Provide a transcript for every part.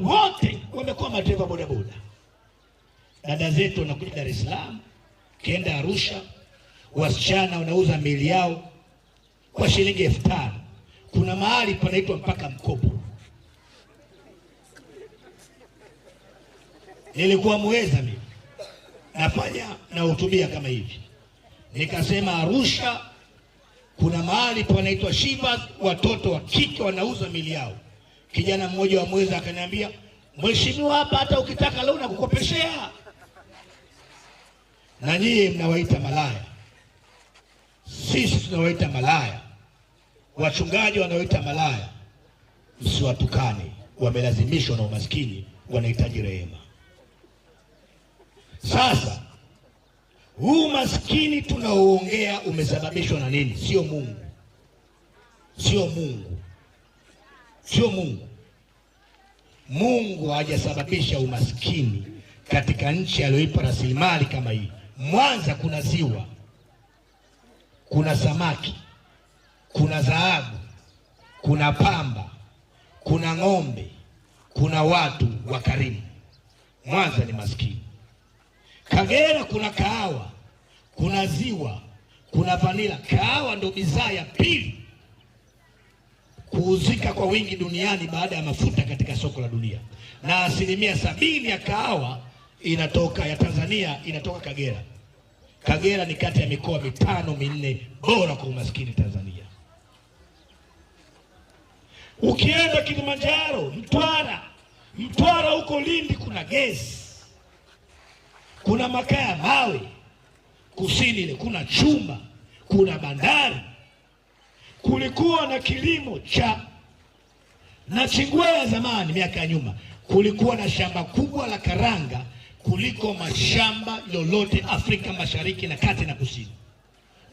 wote wamekuwa madereva bodaboda. Dada zetu wanakuja Dar es Salaam, kenda Arusha, wasichana wanauza mili yao kwa shilingi elfu tano. Kuna mahali panaitwa mpaka mkopo. Nilikuwa muweza mimi nafanya nahutubia kama hivi, nikasema Arusha kuna mahali panaitwa Shiva, watoto wa kike wanauza mili yao Kijana mmoja wa Mweza akaniambia, mheshimiwa, hapa hata ukitaka leo nakukopeshea. Na nyie mnawaita malaya, sisi tunawaita malaya, wachungaji wanawaita malaya. Msiwatukane, wamelazimishwa na umaskini, wanahitaji rehema. Sasa huu maskini tunaoongea umesababishwa na nini? Sio Mungu, sio Mungu sio Mungu. Mungu hajasababisha umaskini katika nchi aliyoipa rasilimali kama hii. Mwanza kuna ziwa, kuna samaki, kuna dhahabu, kuna pamba, kuna ng'ombe, kuna watu wakarimu. Mwanza ni maskini. Kagera kuna kahawa, kuna ziwa, kuna vanila. Kahawa ndio bidhaa ya pili kuuzika kwa wingi duniani baada ya mafuta katika soko la dunia, na asilimia sabini ya kahawa inatoka ya Tanzania inatoka Kagera. Kagera ni kati ya mikoa mitano minne bora kwa umaskini Tanzania. Ukienda Kilimanjaro, Mtwara, Mtwara huko Lindi kuna gesi, kuna makaa ya mawe, kusini ile kuna chuma, kuna bandari kulikuwa na kilimo cha Nachingwea ya zamani, miaka ya nyuma, kulikuwa na shamba kubwa la karanga kuliko mashamba lolote Afrika Mashariki na kati na kusini.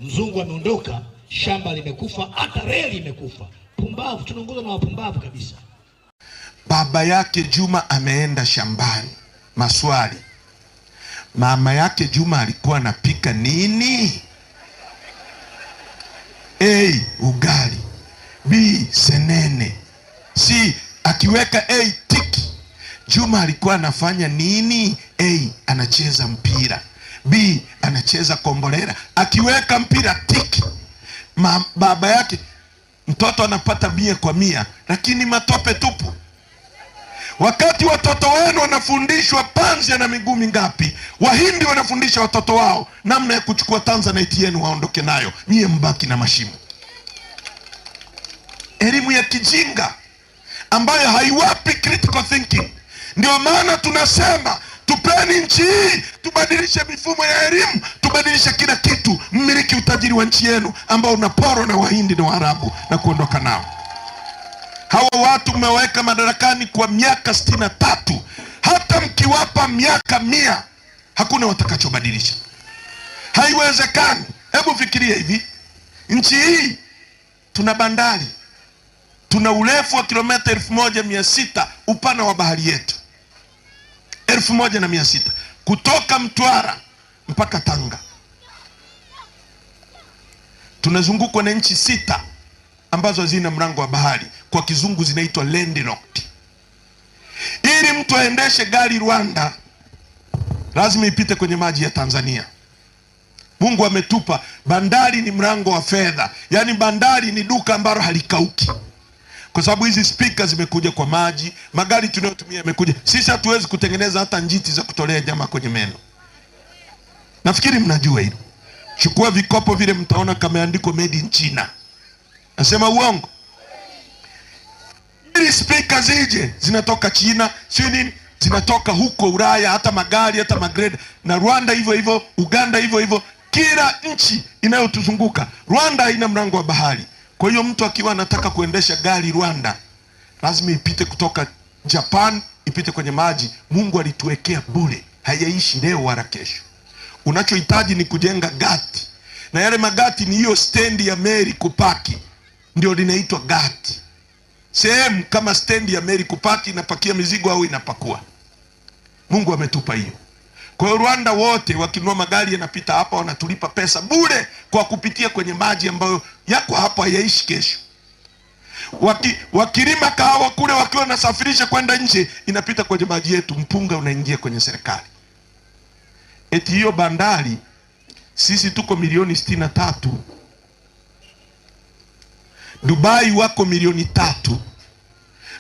Mzungu ameondoka, shamba limekufa, hata reli imekufa. Pumbavu, tunaongozwa na wapumbavu kabisa. Baba yake Juma ameenda shambani, maswali, mama yake Juma alikuwa anapika nini? A ugali, B senene, C akiweka A tiki. Juma alikuwa anafanya nini? A anacheza mpira, B anacheza kombolera. Akiweka mpira tiki, baba yake mtoto anapata mia kwa mia, lakini matope tupu. Wakati watoto wenu wanafundishwa panzi na miguu mingapi, Wahindi wanafundisha watoto wao namna ya kuchukua tanzanite yenu waondoke nayo, nyie mbaki na mashimo. Elimu ya kijinga ambayo haiwapi critical thinking. Ndio maana tunasema tupeni nchi hii, tubadilishe mifumo ya elimu, tubadilishe kila kitu, mmiliki utajiri wa nchi yenu ambao unaporwa na Wahindi na Waarabu na kuondoka nao. Hawa watu mmewaweka madarakani kwa miaka sitini na tatu. Hata mkiwapa miaka mia hakuna watakachobadilisha, haiwezekani. Hebu fikiria hivi, nchi hii tuna bandari, tuna urefu wa kilometa elfu moja mia sita upana wa bahari yetu elfu moja na mia sita kutoka Mtwara mpaka Tanga. Tunazungukwa na nchi sita ambazo hazina mlango wa bahari kwa kizungu zinaitwa landlocked. Ili mtu aendeshe gari Rwanda lazima ipite kwenye maji ya Tanzania. Mungu ametupa bandari, ni mlango wa fedha, yaani bandari ni duka ambalo halikauki, kwa sababu hizi spika zimekuja kwa maji, magari tunayotumia yamekuja. Sisi hatuwezi kutengeneza hata njiti za kutolea nyama kwenye meno. Nafikiri mnajua hilo. Chukua vikopo vile, mtaona kameandikwa made in China. Nasema uongo? spika zije zinatoka China sio zinatoka huko Ulaya, hata magari hata magred na Rwanda hivyo hivyo, Uganda hivyo hivyo, kila nchi inayotuzunguka. Rwanda haina mlango wa bahari, kwa hiyo mtu akiwa anataka kuendesha gari Rwanda lazima ipite kutoka Japan ipite kwenye maji. Mungu alituwekea bule hayaishi leo wala kesho. Unachohitaji ni kujenga gati, na yale magati ni hiyo stendi ya meri kupaki, ndio linaitwa gati sehemu kama stendi ya meli kupaki inapakia mizigo au inapakua. Mungu ametupa hiyo. Kwa hiyo Rwanda wote wakinunua magari yanapita hapa, wanatulipa pesa bure kwa kupitia kwenye maji ambayo yako hapa, yaishi kesho. Waki, wakilima kahawa kule wakiwa nasafirisha kwenda nje, inapita kwenye maji yetu, mpunga unaingia kwenye serikali. Eti hiyo bandari, sisi tuko milioni sitini na tatu Dubai wako milioni tatu.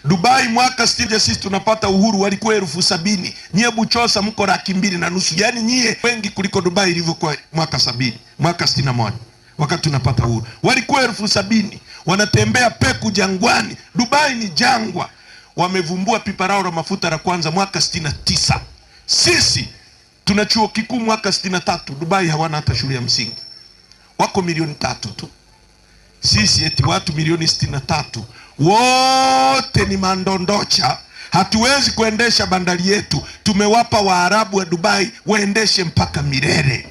Dubai mwaka sitini sisi tunapata uhuru walikuwa elfu sabini nyie Buchosa mko laki mbili na nusu yaani nyie wengi kuliko Dubai ilivyokuwa mwaka sabini mwaka sitini na moja wakati tunapata uhuru walikuwa elfu sabini wanatembea peku jangwani. Dubai ni jangwa. Wamevumbua pipa lao la mafuta la kwanza mwaka sitini na tisa sisi tuna chuo kikuu mwaka sitini na tatu Dubai hawana hata shule ya msingi, wako milioni tatu tu. Sisi eti watu milioni sitini na tatu wote ni mandondocha, hatuwezi kuendesha bandari yetu. Tumewapa Waarabu wa Dubai waendeshe mpaka milele.